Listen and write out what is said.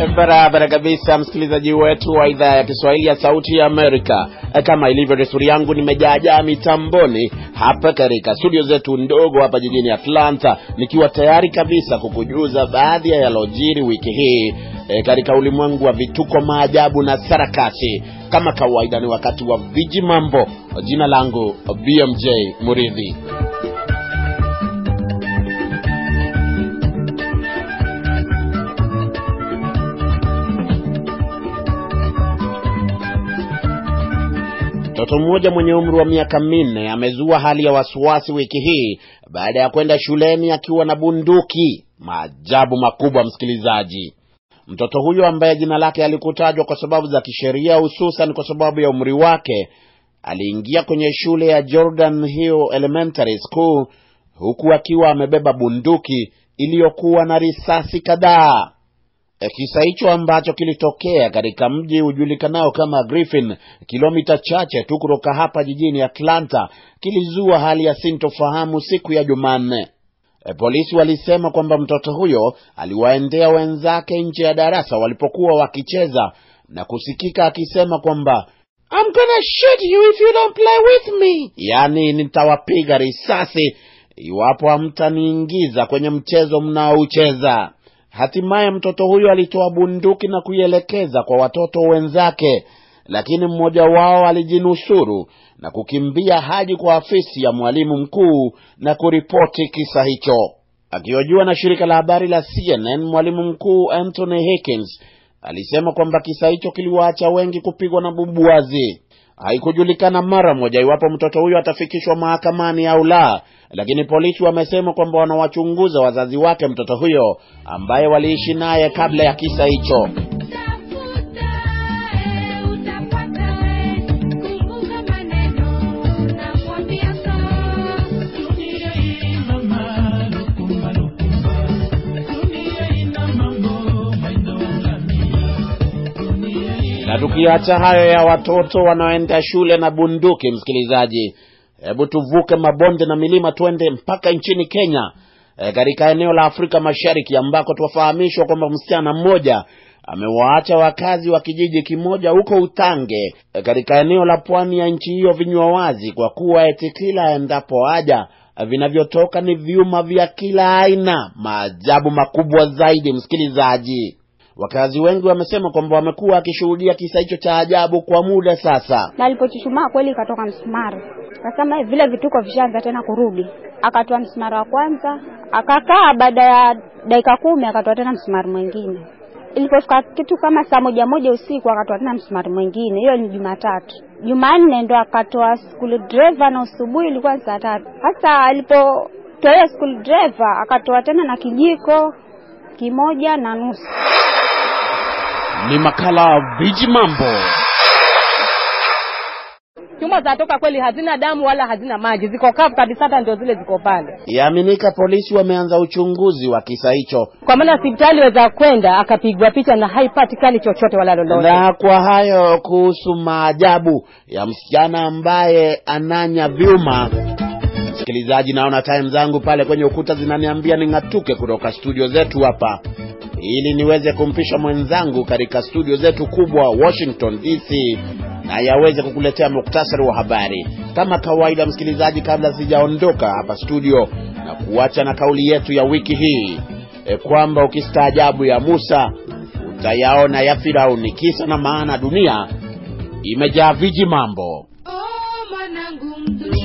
Eh, barabara kabisa, msikilizaji wetu wa idhaa ya Kiswahili ya Sauti ya Amerika. Eh, kama ilivyo desturi yangu, nimejaajaa mitamboni hapa katika studio zetu ndogo hapa jijini Atlanta, nikiwa tayari kabisa kukujuza baadhi ya yalojiri wiki hii e, katika ulimwengu wa vituko, maajabu na sarakasi. Kama kawaida, ni wakati wa viji mambo. Jina langu BMJ Muridhi. Mtoto mmoja mwenye umri wa miaka minne amezua hali ya wasiwasi wiki hii baada ya kwenda shuleni akiwa na bunduki. Maajabu makubwa, msikilizaji. Mtoto huyo ambaye jina lake alikutajwa kwa sababu za kisheria, hususan kwa sababu ya umri wake, aliingia kwenye shule ya Jordan Hill Elementary School huku akiwa amebeba bunduki iliyokuwa na risasi kadhaa. Eh, kisa hicho ambacho kilitokea katika mji ujulikanao kama Griffin, kilomita chache tu kutoka hapa jijini Atlanta, kilizua hali ya sintofahamu siku ya Jumanne. Eh, polisi walisema kwamba mtoto huyo aliwaendea wenzake nje ya darasa walipokuwa wakicheza na kusikika akisema kwamba I'm gonna shoot you if you don't play with me, yaani nitawapiga risasi iwapo hamtaniingiza kwenye mchezo mnaoucheza. Hatimaye mtoto huyo alitoa bunduki na kuielekeza kwa watoto wenzake, lakini mmoja wao alijinusuru na kukimbia hadi kwa afisi ya mwalimu mkuu na kuripoti kisa hicho. Akihojiwa na shirika la habari la CNN, mwalimu mkuu Anthony Hickins alisema kwamba kisa hicho kiliwaacha wengi kupigwa na bumbuazi. Haikujulikana mara moja iwapo mtoto huyo atafikishwa mahakamani au la, lakini polisi wamesema kwamba wanawachunguza wazazi wake mtoto huyo ambaye waliishi naye kabla ya kisa hicho. Na tukiacha hayo ya watoto wanaoenda shule na bunduki, msikilizaji, hebu tuvuke mabonde na milima twende mpaka nchini Kenya, eh, katika e, eneo la Afrika Mashariki ambako twafahamishwa kwamba msichana mmoja amewaacha wakazi wa kijiji kimoja huko Utange eh, katika eneo la pwani ya nchi hiyo vinywa wazi, kwa kuwa eti kila endapo haja eh, vinavyotoka ni vyuma vya kila aina. Maajabu makubwa zaidi, msikilizaji. Wakazi wengi wamesema kwamba wamekuwa wakishuhudia kisa hicho cha ajabu kwa muda sasa. Na alipochuchumaa kweli ikatoka msumari, akasema eh, vile vituko vishaanza tena kurudi. Akatoa msumari wa kwanza akakaa, baada ya dakika kumi akatoa tena msumari mwingine. Ilipofika kitu kama saa moja moja usiku akatoa tena msumari mwingine. Hiyo ni Jumatatu. Jumanne ndo akatoa skuli dreva, na usubuhi ilikuwa saa tatu. Hasa alipotoa hiyo skuli dreva akatoa tena na kijiko kimoja na nusu. Ni makala Viji Mambo. za zatoka kweli, hazina damu wala hazina maji, ziko kavu kabisa, hata ndio zile ziko pale. Yaaminika polisi wameanza uchunguzi wa kisa hicho, kwa maana hospitali weza kwenda akapigwa picha na haipatikani chochote wala lolote. Na kwa hayo kuhusu maajabu ya msichana ambaye ananya vyuma Msikilizaji, naona time zangu pale kwenye ukuta zinaniambia ning'atuke kutoka studio zetu hapa ili niweze kumpisha mwenzangu katika studio zetu kubwa Washington DC na yaweze kukuletea muktasari wa habari kama kawaida. Msikilizaji, kabla sijaondoka hapa studio na kuacha na kauli yetu ya wiki hii e, kwamba ukistaajabu ya Musa utayaona ya Firauni. Kisa na maana, dunia imejaa viji mambo oh,